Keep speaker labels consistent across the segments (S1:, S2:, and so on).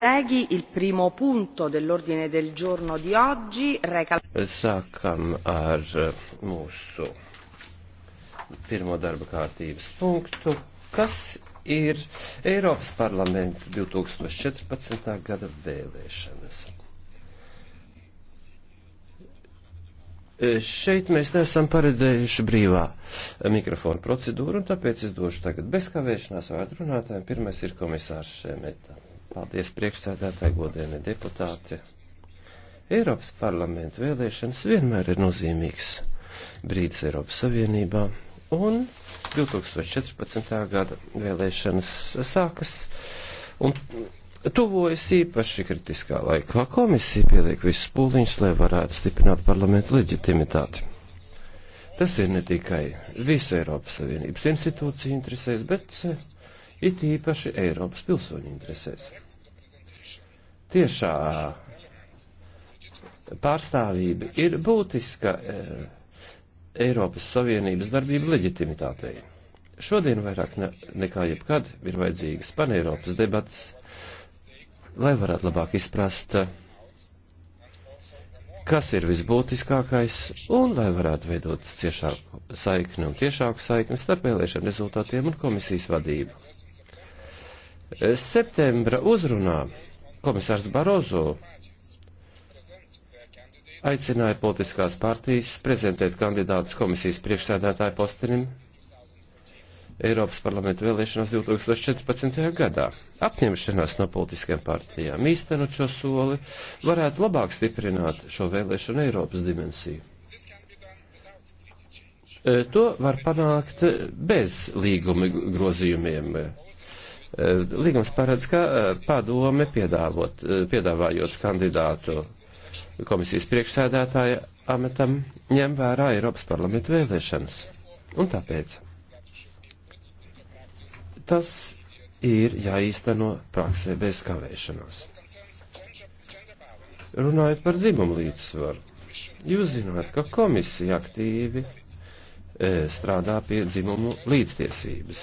S1: Colleghi, il primo punto dell'ordine del giorno di oggi reca.
S2: Sākam ar eh, mūsu pirmo darba kārtības punktu, kas ir Eiropas parlamenta 2014. gada vēlēšanas. Eh, šeit mēs neesam paredzējuši brīvā eh, mikrofona procedūru, un tāpēc es došu tagad bez kavēšanās vārdu runātājiem. Pirmais ir komisārs Šemeta. Paldies priekšsēdētāji, godējumi deputāti. Eiropas parlamenta vēlēšanas vienmēr ir nozīmīgs brīdis Eiropas Savienībā, un 2014. gada vēlēšanas sākas un tuvojas īpaši kritiskā laikā. Komisija pieliek visus pūliņus, lai varētu stiprināt parlamentu leģitimitāti. Tas ir ne tikai visu Eiropas Savienības institūciju interesēs, bet it īpaši Eiropas pilsoņu interesēs. Tiešā pārstāvība ir būtiska eh, Eiropas Savienības darbība leģitimitātei. Šodien vairāk ne, nekā jebkad ir vajadzīgas paneiropas debatas, lai varētu labāk izprast, kas ir visbūtiskākais, un lai varētu veidot ciešāku saikni un tiešāku saikni starp vēlēšanu rezultātiem un komisijas vadību. Septembra uzrunā komisārs Barozo aicināja politiskās partijas prezentēt kandidātus komisijas priekšsēdētāju postenim Eiropas parlamenta vēlēšanās 2014. gadā. Apņemšanās no politiskajām partijām īstenot šo soli varētu labāk stiprināt šo vēlēšanu Eiropas dimensiju. E, to var panākt bez līguma grozījumiem Eh, Līgums paredz, ka eh, padome piedāvot, eh, piedāvājot kandidātu komisijas priekšsēdētāja amatam ņem vērā Eiropas parlamenta vēlēšanas. Un tāpēc tas ir jāīsteno praksē bez kavēšanās. Runājot par dzimumu līdzsvaru, jūs zināt, ka komisija aktīvi e, strādā pie dzimumu līdztiesības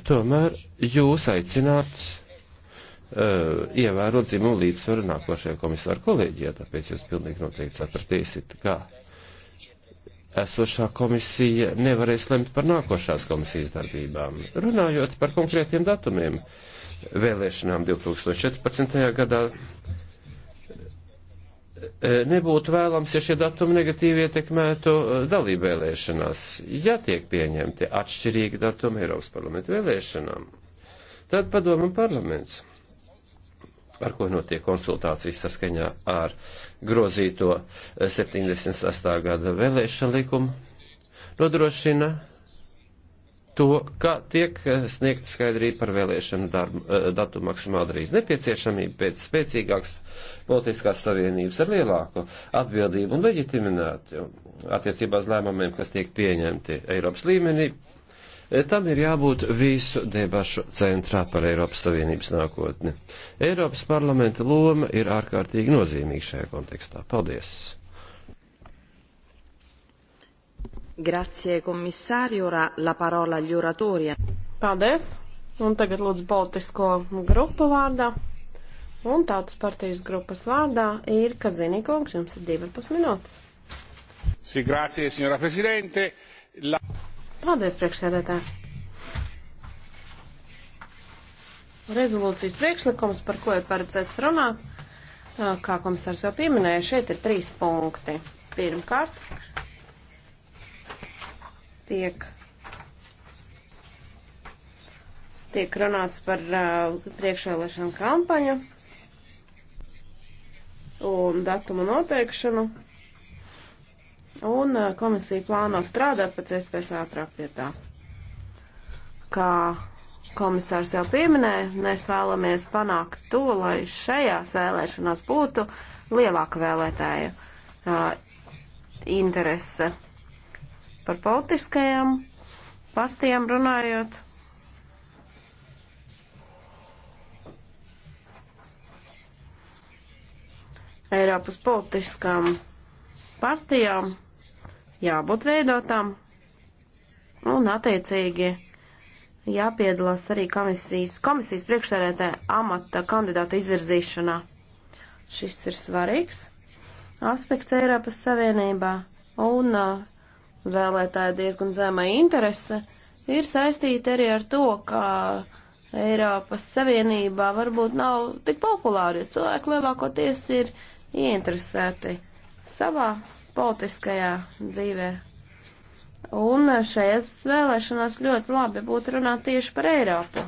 S2: Tomēr jūs aicināt uh, ievērot dzimumu līdzsvaru nākošajā komisāra kolēģijā, tāpēc jūs pilnīgi noteikti sapratīsiet, kā esošā komisija nevarēs lemt par nākošās komisijas darbībām. Runājot par konkrētiem datumiem, vēlēšanām 2014. gadā E, nebūtu vēlams, ja šie datumi negatīvi ietekmētu e, dalību vēlēšanās. Ja tiek pieņemti atšķirīgi datumi Eiropas parlamentu vēlēšanām, tad padomu parlaments, ar ko notiek konsultācijas saskaņā ar grozīto 78. E, gada vēlēšana likumu, nodrošina to, ka tiek eh, sniegta skaidrība par vēlēšanu darbu, eh, datu maksimāli drīz nepieciešamību pēc spēcīgākas politiskās savienības ar lielāku atbildību un leģitimitāti attiecībās lēmumiem, kas tiek pieņemti Eiropas līmenī. Eh, tam ir jābūt visu debašu centrā par Eiropas Savienības nākotni. Eiropas parlamenta loma ir ārkārtīgi nozīmīga šajā kontekstā. Paldies!
S1: Grazie, komisāri, ora la parola agli oratori. Paldies! Un tagad lūdzu Baltisko grupu vārdā. Un tautas partijas grupas vārdā ir Kazinīkungs, jums ir 12 minūtes.
S3: Sī, grācie, signora prezidente. La...
S1: Paldies, priekšsēdētāji. Rezolūcijas priekšlikums, par ko ir paredzēts runāt, kā komisārs jau pieminēja, šeit ir trīs punkti. Pirmkārt, tiek, tiek runāts par uh, priekšvēlēšanu kampaņu un datumu noteikšanu. Un uh, komisija plāno strādāt pēc iespējas ātrāk pie tā. Kā komisārs jau pieminēja, mēs vēlamies panākt to, lai šajās vēlēšanās būtu lielāka vēlētāja uh, interese par politiskajām partijām runājot. Eiropas politiskām partijām jābūt veidotām un attiecīgi jāpiedalās arī komisijas, komisijas priekšsēdētāja amata kandidāta izvirzīšanā. Šis ir svarīgs aspekts Eiropas Savienībā un uh, vēlētāju diezgan zemā interese ir saistīta arī ar to, ka Eiropas Savienībā varbūt nav tik populāri, jo cilvēki lielākoties ir ieinteresēti savā politiskajā dzīvē. Un šajās vēlēšanās ļoti labi būtu runāt tieši par Eiropu.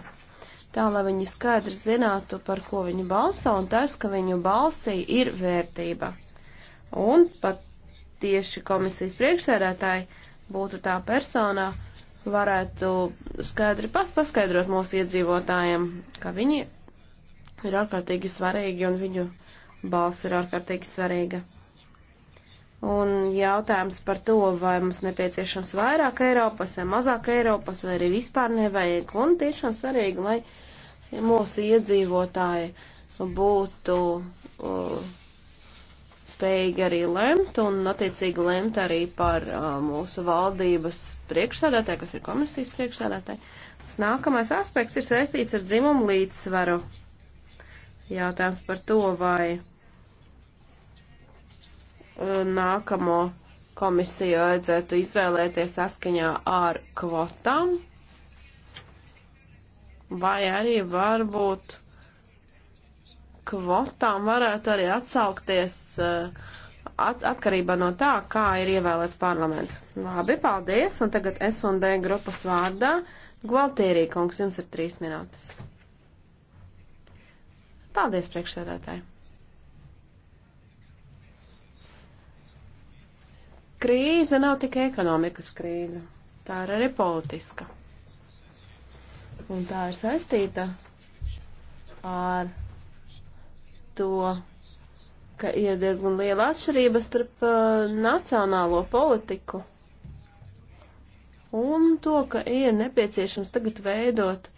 S1: Tā, lai viņi skaidri zinātu, par ko viņi balso, un tas, ka viņu balsī ir vērtība. Un pat tieši komisijas priekšsēdētāji būtu tā persona, varētu skaidri paskaidrot mūsu iedzīvotājiem, ka viņi ir ārkārtīgi svarīgi un viņu balss ir ārkārtīgi svarīga. Un jautājums par to, vai mums nepieciešams vairāk Eiropas vai mazāk Eiropas, vai arī vispār nevajag, un tiešām svarīgi, lai mūsu iedzīvotāji būtu. Uh, spējīgi arī lemt un attiecīgi lemt arī par uh, mūsu valdības priekšsēdētāju, kas ir komisijas priekšsēdētāji. Tas nākamais aspekts ir saistīts ar dzimumu līdzsvaru. Jautājums par to, vai uh, nākamo komisiju vajadzētu izvēlēties saskaņā ar kvotām, vai arī varbūt kvotām varētu arī atsaukties eh, at, atkarībā no tā, kā ir ievēlēts parlaments. Labi, paldies, un tagad S&D grupas vārdā Gvaltierī kungs, jums ir trīs minūtes. Paldies, priekšsēdētāji. Krīze nav tikai ekonomikas krīze, tā ir arī politiska. Un tā ir saistīta ar to, ka ir diezgan liela atšķirība starp uh, nacionālo politiku un to, ka ir nepieciešams tagad veidot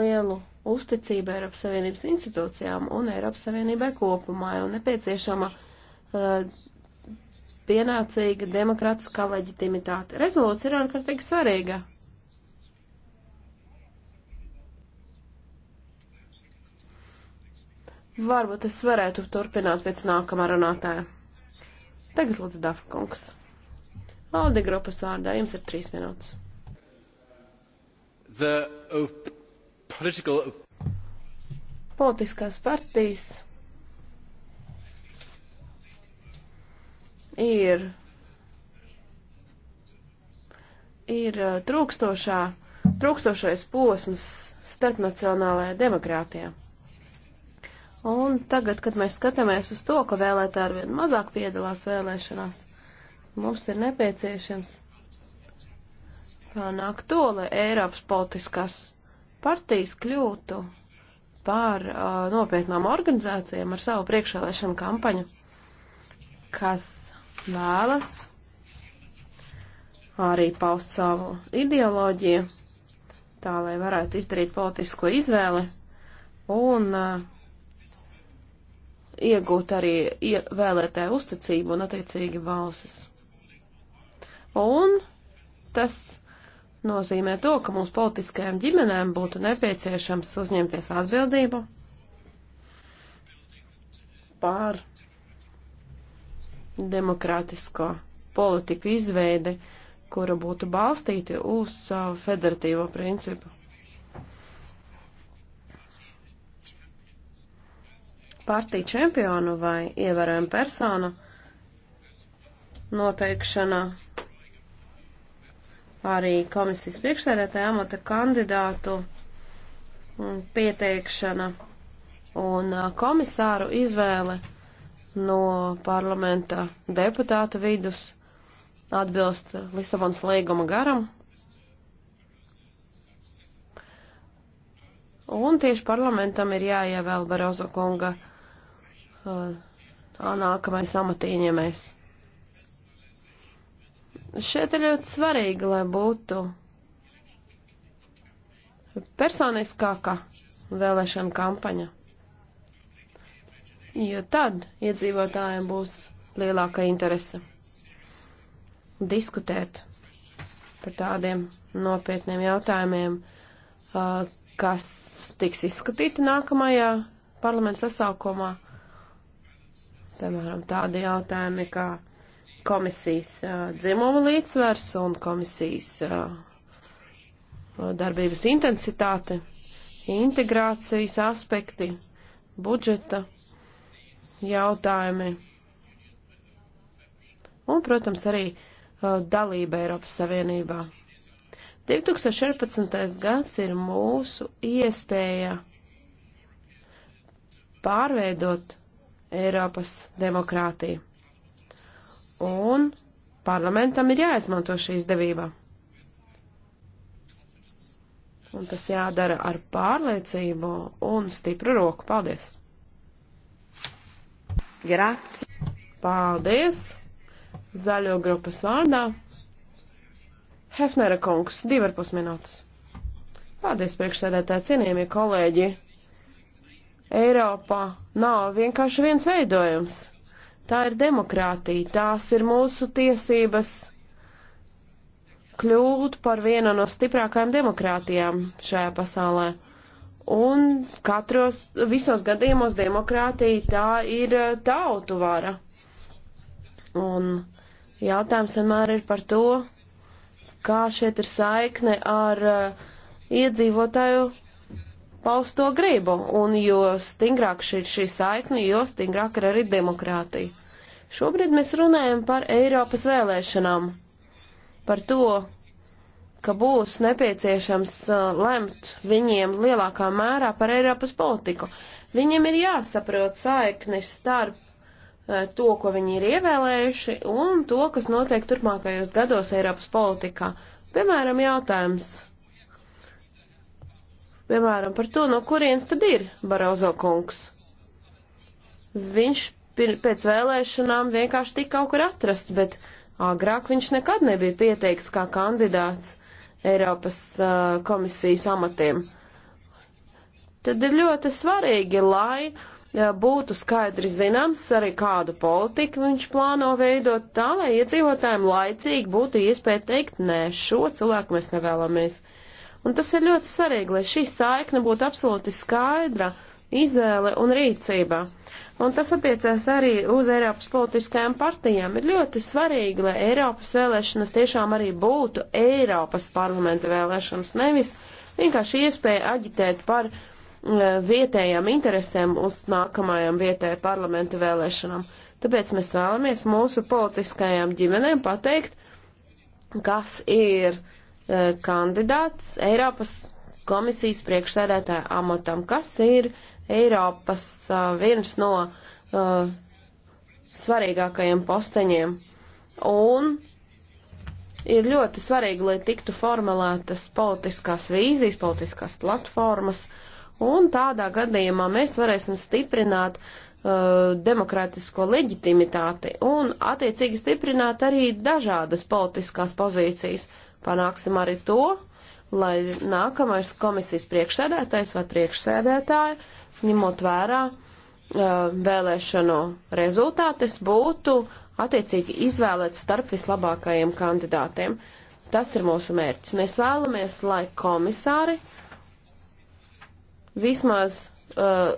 S1: lielu uzticību Eiropas Savienības institūcijām un Eiropas Savienībai kopumā un nepieciešama uh, pienācīga demokrātiskā leģitimitāte. Rezolūcija ir ārkārtīgi svarīga. Varbūt es varētu turpināt pēc nākamā runātāja. Tagad lūdzu Dafa kungs. Aldi grupas vārdā jums ir trīs minūtes.
S3: The, uh, political... Uh,
S1: Politiskās partijas ir, ir uh, trūkstošā, trūkstošais posms starpnacionālajā demokrātijā. Un tagad, kad mēs skatāmies uz to, ka vēlētāji arvien mazāk piedalās vēlēšanās, mums ir nepieciešams panākt to, lai Eiropas politiskās partijas kļūtu par uh, nopietnām organizācijām ar savu priekšvēlēšanu kampaņu, kas vēlas arī paust savu ideoloģiju, tā lai varētu izdarīt politisko izvēli un uh, iegūt arī vēlētāju uzticību un attiecīgi balsis. Un tas nozīmē to, ka mums politiskajām ģimenēm būtu nepieciešams uzņemties atbildību pār demokrātisko politiku izveidi, kura būtu balstīti uz federatīvo principu. partiju čempionu vai ievērojumu personu noteikšana arī komisijas priekšsēdētāja amata kandidātu pieteikšana un komisāru izvēle no parlamenta deputāta vidus atbilst Lisabonas līguma garam. Un tieši parlamentam ir jāievēl Barozo kunga tā nākamais amatīņemēs. Šeit ir ļoti svarīgi, lai būtu personiskāka vēlēšana kampaņa, jo tad iedzīvotājiem būs lielāka interese diskutēt par tādiem nopietniem jautājumiem, kas tiks izskatīti nākamajā parlamenta sasaukumā. Piemēram, tādi jautājumi kā komisijas uh, dzimuma līdzsvers un komisijas uh, darbības intensitāte, integrācijas aspekti, budžeta jautājumi un, protams, arī uh, dalība Eiropas Savienībā. 2014. gads ir mūsu iespēja pārveidot Eiropas demokrātiju. Un parlamentam ir jāizmanto šī izdevība. Un tas jādara ar pārliecību un stipru roku. Paldies! Grāts! Paldies! Zaļo grupas vārdā. Hefnera kungs, divarpus minūtes. Paldies priekšsēdētāji, cienījamie kolēģi! Eiropā nav vienkārši viens veidojums. Tā ir demokrātija, tās ir mūsu tiesības kļūt par vienu no stiprākajām demokrātijām šajā pasaulē. Un katros, visos gadījumos demokrātija tā ir eh, tautu vara. Un jautājums vienmēr ir par to, kā šeit ir saikne ar uh, iedzīvotāju pausto gribu, un jo stingrāk šī, šī saikne, jo stingrāk ir arī demokrātija. Šobrīd mēs runājam par Eiropas vēlēšanām, par to, ka būs nepieciešams uh, lemt viņiem lielākā mērā par Eiropas politiku. Viņiem ir jāsaprot saiknis starp uh, to, ko viņi ir ievēlējuši, un to, kas notiek turpmākajos gados Eiropas politikā. Piemēram, jautājums piemēram, par to, no kurienes tad ir Barozo kungs. Viņš pēc vēlēšanām vienkārši tika kaut kur atrasts, bet agrāk viņš nekad nebija pieteikts kā kandidāts Eiropas uh, komisijas amatiem. Tad ir ļoti svarīgi, lai uh, būtu skaidri zināms arī kādu politiku viņš plāno veidot tā, lai iedzīvotājiem laicīgi būtu iespēja teikt, nē, šo cilvēku mēs nevēlamies. Uh, Un tas ir ļoti svarīgi, lai šī saikne būtu absolūti skaidra, izēle un rīcība. Un tas attiecās arī uz Eiropas politiskajām partijām. Ir ļoti svarīgi, lai Eiropas vēlēšanas tiešām arī būtu Eiropas parlamenta vēlēšanas, nevis vienkārši iespēja aģitēt par eh, vietējām interesēm uz nākamajām vietēju parlamenta vēlēšanām. Tāpēc mēs vēlamies mūsu politiskajām ģimenēm pateikt, kas ir uh, Eh, kandidāts Eiropas komisijas priekšsēdētāja amatam, kas ir Eiropas eh, viens no uh, svarīgākajiem posteņiem. Un ir ļoti svarīgi, lai tiktu formulētas politiskās vīzijas, politiskās platformas, un tādā gadījumā mēs varēsim stiprināt uh, demokrātisko leģitimitāti un attiecīgi stiprināt arī dažādas politiskās pozīcijas. Uh, panāksim arī to, lai nākamais komisijas priekšsēdētājs vai priekšsēdētāja, ņemot vērā uh, vēlēšanu rezultātus, būtu attiecīgi izvēlēt starp vislabākajiem kandidātiem. Tas ir mūsu mērķis. Mēs vēlamies, lai komisāri vismaz uh,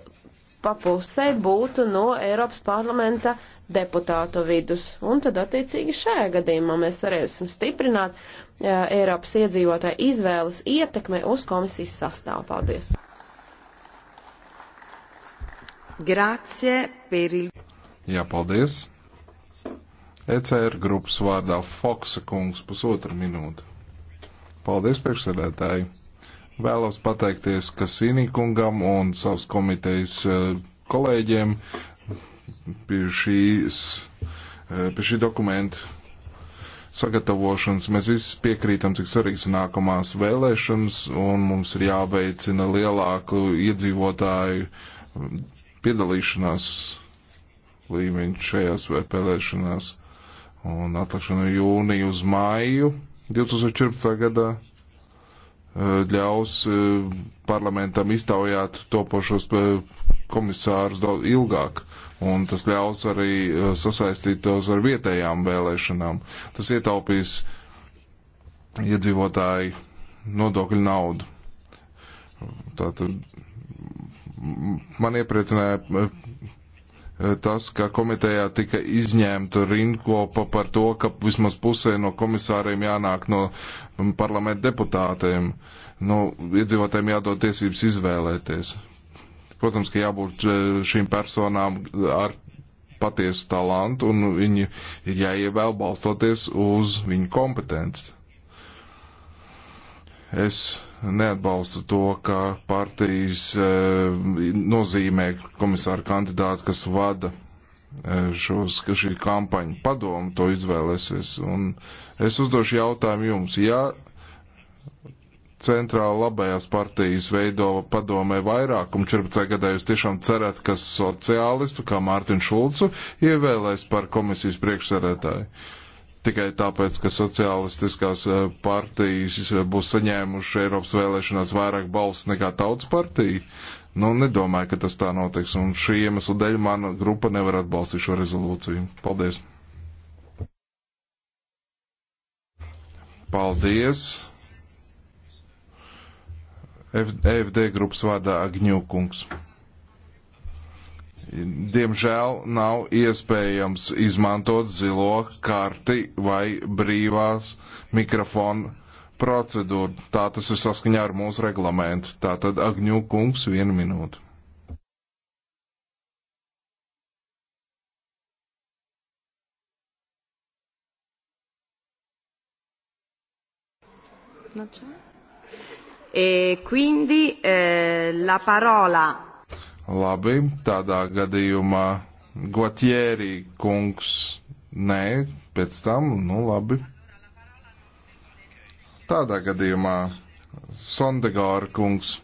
S1: pa pusē būtu no Eiropas parlamenta deputātu vidus. Un tad attiecīgi šajā gadījumā mēs varēsim stiprināt Eiropas iedzīvotāju izvēles ietekme uz komisijas sastāvu. Paldies!
S3: Grācie per il... Jā, paldies! ECR grupas vārdā Foksa kungs pusotra minūte. Paldies priekšsēdētāji! Vēlos pateikties Kasīnī kungam un savas komitejas e, kolēģiem pie, šīs, e, pie šī dokumenta sagatavošanas. Mēs visi piekrītam, cik svarīgs ir nākamās vēlēšanas, un mums ir jāveicina lielāku iedzīvotāju um, piedalīšanās līmeņu šajās vēlēšanās. Un atlikšana jūniju uz māju 2014. gadā uh, ļaus uh, parlamentam iztaujāt topošos uh, komisārus daudz ilgāk, un tas ļaus arī eh, sasaistīt tos ar vietējām vēlēšanām. Tas ietaupīs iedzīvotāju nodokļu naudu. Tātad man iepriecināja eh, tas, ka komitejā tika izņemta rinkopa par to, ka vismaz pusē no komisāriem jānāk no mm, parlamenta deputātiem. Nu, iedzīvotājiem jādod tiesības izvēlēties. Protams, ka jābūt eh, šīm personām ar patiesu talantu un viņi ir jāievēl balstoties uz viņu kompetenci. Es neatbalstu to, ka partijas eh, nozīmē komisāru kandidātu, kas vada eh, šos, ka šī kampaņa padomu to izvēlēsies. Un es uzdošu jautājumu jums. Ja centrāla labējās partijas veido padomē vairākumu 14. gadā, jūs tiešām cerat, ka sociālistu, kā Mārtiņu Šulcu, ievēlēs par komisijas priekšsēdētāju. Tikai tāpēc, ka sociālistiskās eh, partijas eh, būs saņēmuši Eiropas vēlēšanās vairāk balsis nekā tautas partija. Nu, nedomāju, ka tas tā notiks, un šī iemesla dēļ mana grupa nevar atbalstīt šo rezolūciju. Paldies! Paldies! EFD grupas vārdā Agņūkungs. Diemžēl nav iespējams izmantot zilo karti vai brīvās mikrofonu procedūru. Tā tas ir saskaņā ar mūsu reglamentu. Tātad Agņūkungs vienu minūtu.
S1: Not sure. E quindi eh, la parola.
S3: Labi, tādā gadījumā Gotieri kungs nē, pēc tam, nu labi. Tādā gadījumā Sondegāra kungs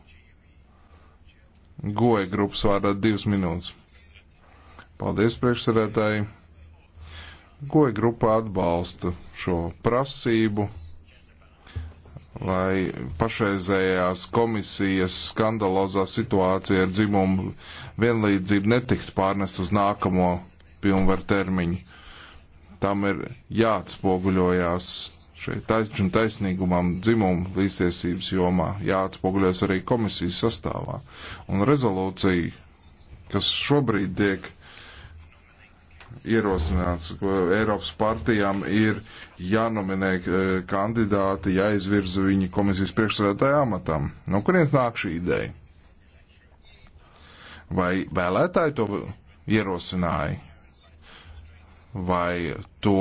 S3: goja grupas vārdā divas minūtes. Paldies priekšsarētāji. Goja grupa atbalsta šo prasību lai pašreizējās komisijas skandalozā situācija ar dzimumu vienlīdzību netiktu pārnest uz nākamo pilnvaru termiņu. Tam ir jāatspoguļojās šeit tais, taisnīgumam dzimumu līdztiesības jomā, jāatspoguļojas arī komisijas sastāvā. Un rezolūcija, kas šobrīd tiek uh, ierosināts, ka Eiropas partijām ir jānominē eh, kandidāti, jāizvirza viņi komisijas priekšsēdētāja amatam. No kurienes nāk šī ideja? Vai vēlētāji to ierosināja? Vai to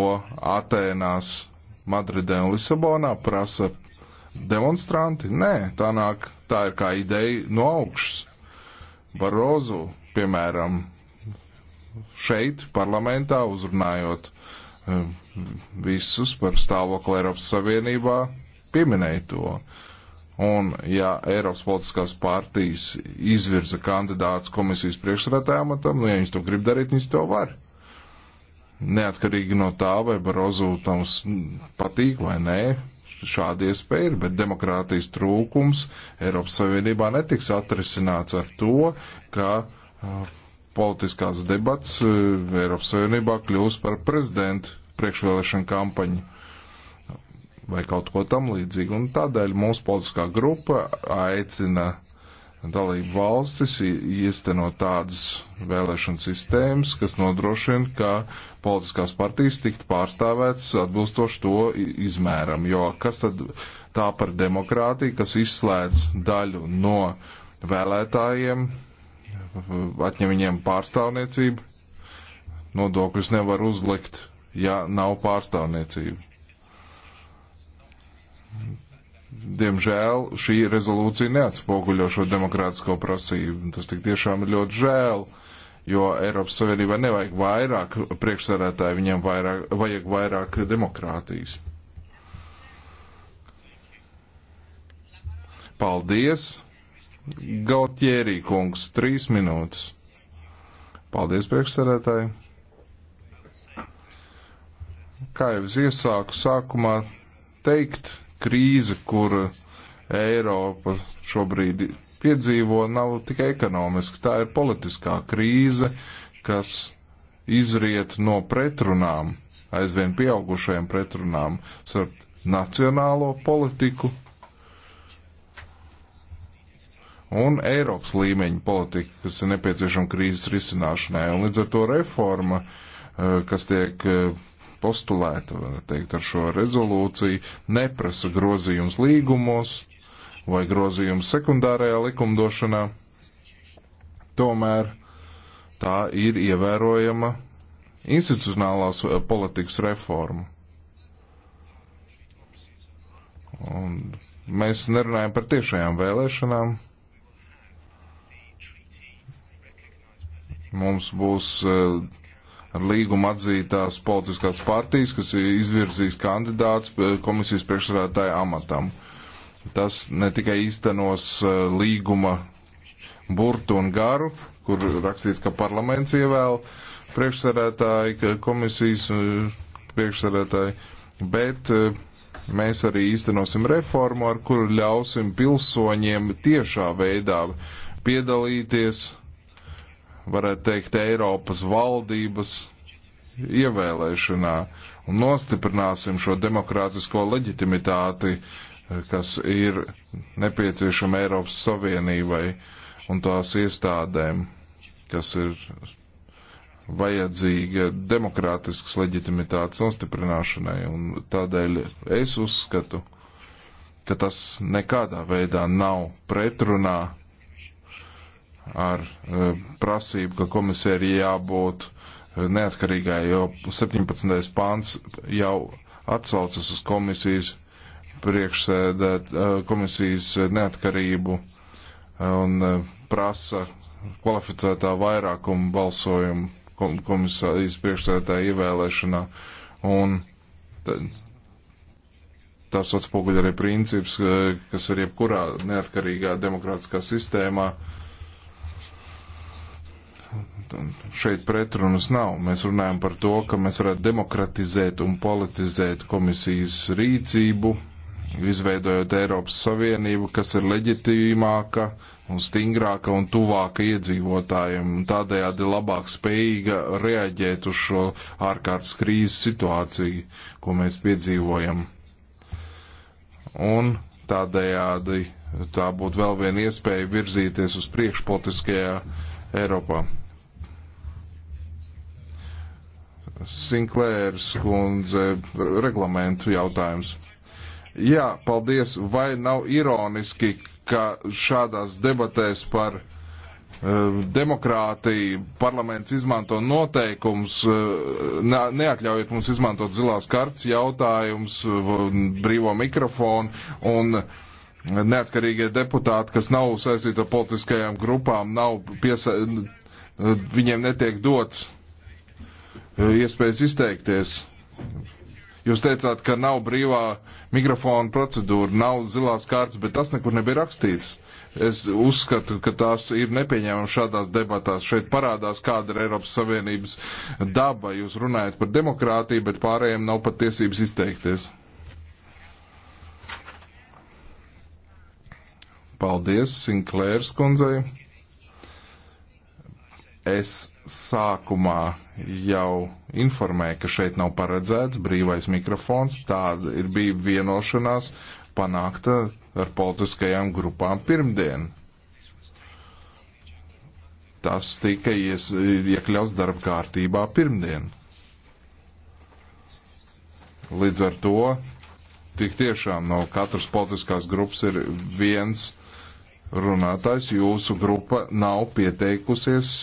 S3: Atēnās, Madridē un Lisabonā prasa demonstranti? Nē, tā nāk, tā ir kā ideja no augšas. Barozu, piemēram, šeit, parlamentā, uzrunājot eh, visus par stāvokli Eiropas Savienībā, pieminēja to. Un, ja Eiropas politiskās partijas izvirza kandidāts komisijas priekšsēdētājā matam, nu, ja viņas to grib darīt, viņas to var. Neatkarīgi no tā, vai Barozu tam patīk vai nē, šāda iespēja ir, bet demokrātijas trūkums Eiropas Savienībā netiks atrisināts ar to, ka uh, politiskās debats e, Eiropas Savienībā kļūs par prezidentu priekšvēlēšanu kampaņu vai kaut ko tam līdzīgu. Un tādēļ mūsu politiskā grupa aicina dalību valstis iestenot tādas vēlēšana sistēmas, kas nodrošina, ka politiskās partijas tiktu pārstāvētas atbilstoši to izmēram. Jo kas tad tā par demokrātiju, kas izslēdz daļu no vēlētājiem, atņem viņiem pārstāvniecību. Nodokļus nevar uzlikt, ja nav pārstāvniecība. Diemžēl šī rezolūcija neatspoguļo šo demokrātisko prasību. Tas tik tiešām ir ļoti žēl, jo Eiropas Savienībai nevajag vairāk priekšsarētāju, viņiem vairāk, vajag vairāk demokrātijas. Paldies! Galtjērī kungs, trīs minūtes. Paldies, priekšsarētāji. Kā jau es iesāku sākumā teikt, krīze, kuru Eiropa šobrīd piedzīvo, nav tikai ekonomiska, tā ir politiskā krīze, kas izriet no pretrunām, aizvien pieaugušajām pretrunām starp nacionālo politiku un Eiropas līmeņa politika, kas ir nepieciešama krīzes risināšanai. Un līdz ar to reforma, eh, kas tiek eh, postulēta teikt, ar šo rezolūciju, neprasa grozījums līgumos vai grozījums sekundārajā likumdošanā. Tomēr tā ir ievērojama institucionālās eh, politikas reforma. Un mēs nerunājam par tiešajām vēlēšanām, Mums būs eh, ar līgumu atzītās politiskās partijas, kas izvirzīs kandidāts eh, komisijas priekšsēdētāja amatam. Tas ne tikai īstenos eh, līguma burtu un garu, kur rakstīts, ka parlaments ievēl priekšsēdētāji, komisijas priekšsēdētāji, bet mēs arī īstenosim reformu, ar kuru ļausim pilsoņiem tiešā veidā piedalīties varētu teikt, Eiropas valdības ievēlēšanā un nostiprināsim šo demokrātisko leģitimitāti, kas ir nepieciešama Eiropas Savienībai un tās iestādēm, kas ir vajadzīga demokrātiskas leģitimitātes nostiprināšanai. Un tādēļ es uzskatu, ka tas nekādā veidā nav pretrunā ar e, prasību, ka komisija ir jābūt e, neatkarīgai, jo 17. pāns jau atsaucas uz komisijas priekšsēdēt, e, komisijas neatkarību un prasa kvalificētā vairākuma balsojumu komisijas priekšsēdētāja ievēlēšanā. Un tas atspoguļ arī princips, kas ir jebkurā neatkarīgā demokrātiskā sistēmā, uh, šeit pretrunas nav. Mēs runājam par to, ka mēs varētu demokratizēt un politizēt komisijas rīcību, izveidojot Eiropas Savienību, kas ir leģitīmāka un stingrāka un tuvāka iedzīvotājiem, un tādējādi labāk spējīga reaģēt uz šo ārkārtas krīzes situāciju, ko mēs piedzīvojam. Un tādējādi tā būtu vēl viena iespēja virzīties uz priekšu politiskajā Eiropā. Sinklērs kundze reglamentu jautājums. Jā, paldies. Vai nav ironiski, ka šādās debatēs par eh, demokrātija, parlaments izmanto noteikums, eh, neatļaujiet mums izmantot zilās kartas jautājums, brīvo mikrofonu un neatkarīgie deputāti, kas nav saistīti ar politiskajām grupām, nav piesa... viņiem netiek dots iespējas izteikties. Jūs teicāt, ka nav brīvā mikrofona procedūra, nav zilās kārtas, bet tas nekur nebija rakstīts. Es uzskatu, ka tās ir nepieņēmama šādās debatās. Šeit parādās, kāda ir Eiropas Savienības daba. Jūs runājat par demokrātiju, bet pārējiem nav pat tiesības izteikties. Paldies Sinklērs kundzei. Es sākumā jau informēju, ka šeit nav paredzēts brīvais mikrofons. Tāda ir bija vienošanās panākta ar politiskajām grupām pirmdien. Tas tika ies, iekļauts darba kārtībā pirmdien. Līdz ar to tik tiešām no katras politiskās grupas ir viens runātājs. Jūsu grupa nav pieteikusies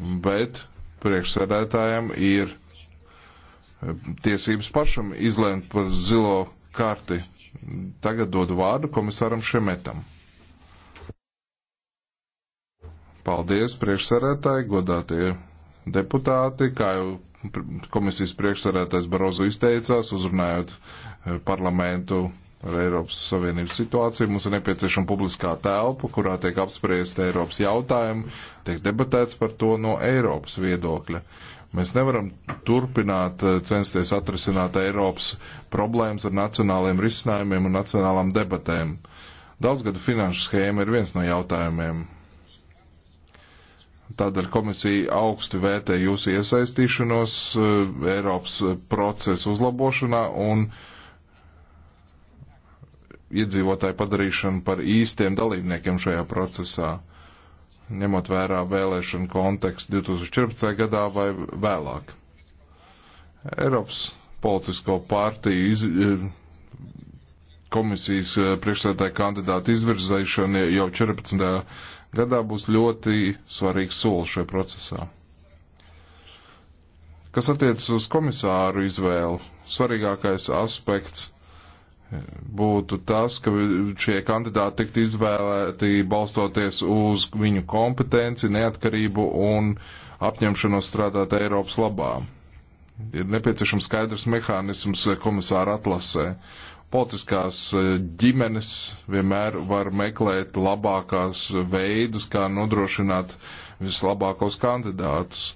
S3: bet priekšsēdētājam ir eh, tiesības pašam izlēmt par zilo karti. Tagad dodu vārdu komisāram Šemetam. Paldies, priekšsarētāji, godātie deputāti, kā jau komisijas priekšsarētājs Barozu izteicās, uzrunājot eh, parlamentu ar Eiropas Savienības situāciju. Mums ir nepieciešama publiskā telpa, kurā tiek apspriest Eiropas jautājumu, tiek debatēts par to no Eiropas viedokļa. Mēs nevaram turpināt eh, censties atrisināt Eiropas problēmas ar nacionāliem risinājumiem un nacionālām debatēm. Daudzgadu finanšu schēma ir viens no jautājumiem. Tādēļ komisija augsti vērtē jūsu iesaistīšanos eh, Eiropas procesu uzlabošanā un uh, iedzīvotāju padarīšanu par īstiem dalībniekiem šajā procesā, ņemot vērā vēlēšanu kontekstu 2014. gadā vai vēlāk. Eiropas politisko partiju iz, eh, komisijas eh, priekšsēdētāja kandidāta izvirzēšana jau 14. gadā būs ļoti svarīgs solis šajā procesā. Kas attiecas uz komisāru izvēlu, svarīgākais aspekts būtu tas, ka šie kandidāti tiktu izvēlēti balstoties uz viņu kompetenci, neatkarību un apņemšanos strādāt Eiropas labā. Ir nepieciešams skaidrs mehānisms komisāra atlasē. Politiskās ģimenes vienmēr var meklēt labākās veidus, kā nodrošināt vislabākos kandidātus.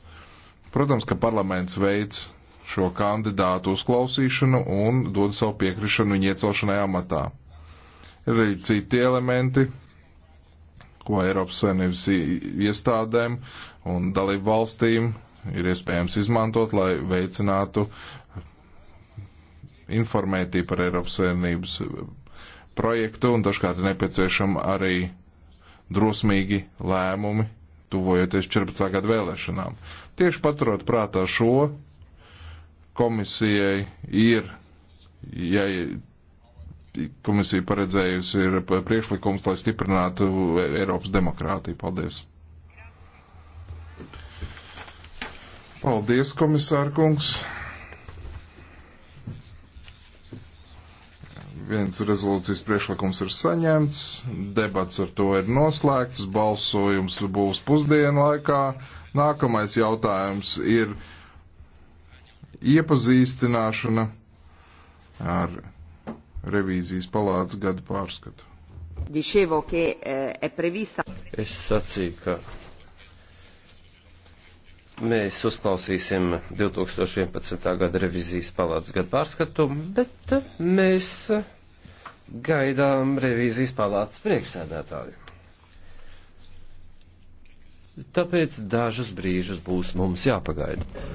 S3: Protams, ka parlaments veids šo kandidātu uzklausīšanu un dod savu piekrišanu viņa iecelšanai amatā. Ir arī citi elementi, ko Eiropas Savienības iestādēm un dalību valstīm ir iespējams izmantot, lai veicinātu informētību par Eiropas Savienības projektu, un dažkārt ir nepieciešama arī drosmīgi lēmumi, tuvojoties 14. gadu vēlēšanām. Tieši paturot prātā šo komisijai ir, ja komisija paredzējusi, ir priekšlikums, lai stiprinātu Eiropas demokrātiju. Paldies! Paldies, komisārkungs! Viens rezolūcijas priekšlikums ir saņemts, debats ar to ir noslēgts, balsojums būs pusdienu laikā. Nākamais jautājums ir iepazīstināšana ar revīzijas palātas gada pārskatu.
S1: Eh,
S3: es sacīju, ka
S2: mēs uzklausīsim 2011. gada revīzijas palātas gada pārskatu, bet mēs gaidām revīzijas palātas priekšsēdētāju. Tāpēc dažus brīžus būs mums jāpagaida.